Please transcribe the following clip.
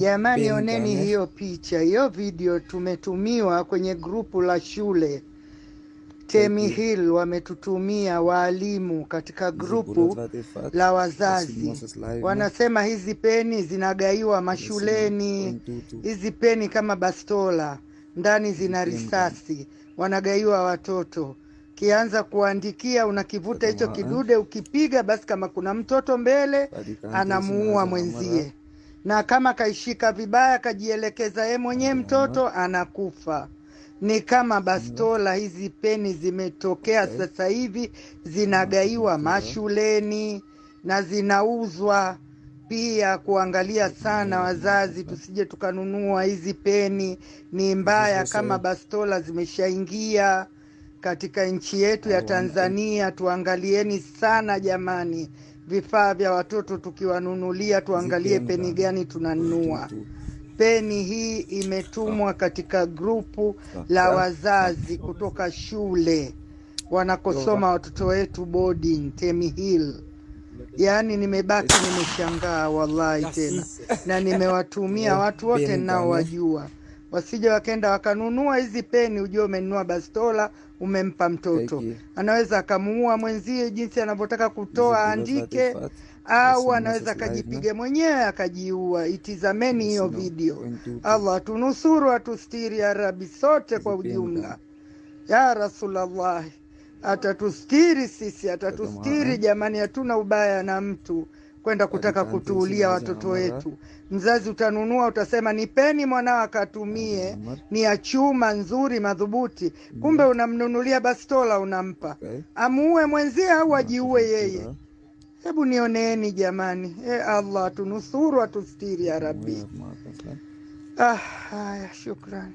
Jamani, oneni eh? hiyo picha, hiyo video tumetumiwa kwenye grupu la shule Temi Hill wametutumia waalimu katika grupu la wazazi, wanasema hizi peni zinagaiwa mashuleni, hizi peni kama bastola ndani zina risasi, wanagaiwa watoto. Kianza kuandikia, unakivuta hicho kidude, ukipiga basi, kama kuna mtoto mbele, anamuua mwenzie na kama kaishika vibaya kajielekeza ye mwenyewe, mtoto anakufa. Ni kama bastola hizi peni zimetokea sasa hivi zinagaiwa mashuleni na zinauzwa pia. Kuangalia sana wazazi, tusije tukanunua hizi peni, ni mbaya kama bastola zimeshaingia katika nchi yetu ya Tanzania. Tuangalieni sana jamani vifaa vya watoto tukiwanunulia, tuangalie peni gani tunanunua. Peni hii imetumwa ah. katika grupu ah. la ah. wazazi kutoka shule wanakosoma oh. watoto wetu boarding Temi Hill. Yaani nimebaki nimeshangaa wallahi, tena na nimewatumia oh. watu wote nnaowajua wasije wakenda wakanunua hizi peni, ujue umenunua bastola umempa mtoto. Anaweza akamuua mwenzie jinsi anavyotaka kutoa andike, au anaweza akajipiga mwenyewe akajiua. Itizameni hiyo video. Allah tunusuru atustiri ya sote kwa ujumla, ya rasulllahi atatustiri sisi, atatustiri jamani, hatuna ubaya na mtu kwenda kutaka kutuulia watoto wetu. Mzazi utanunua, utasema nipeni mwanao akatumie, ni ya chuma nzuri madhubuti, kumbe unamnunulia bastola unampa. Eh? Amuue mwenzie au ajiue yeye? Hebu nioneeni jamani. E Allah, atunusuru atustiri ya Rabbi. Ah, haya, shukrani.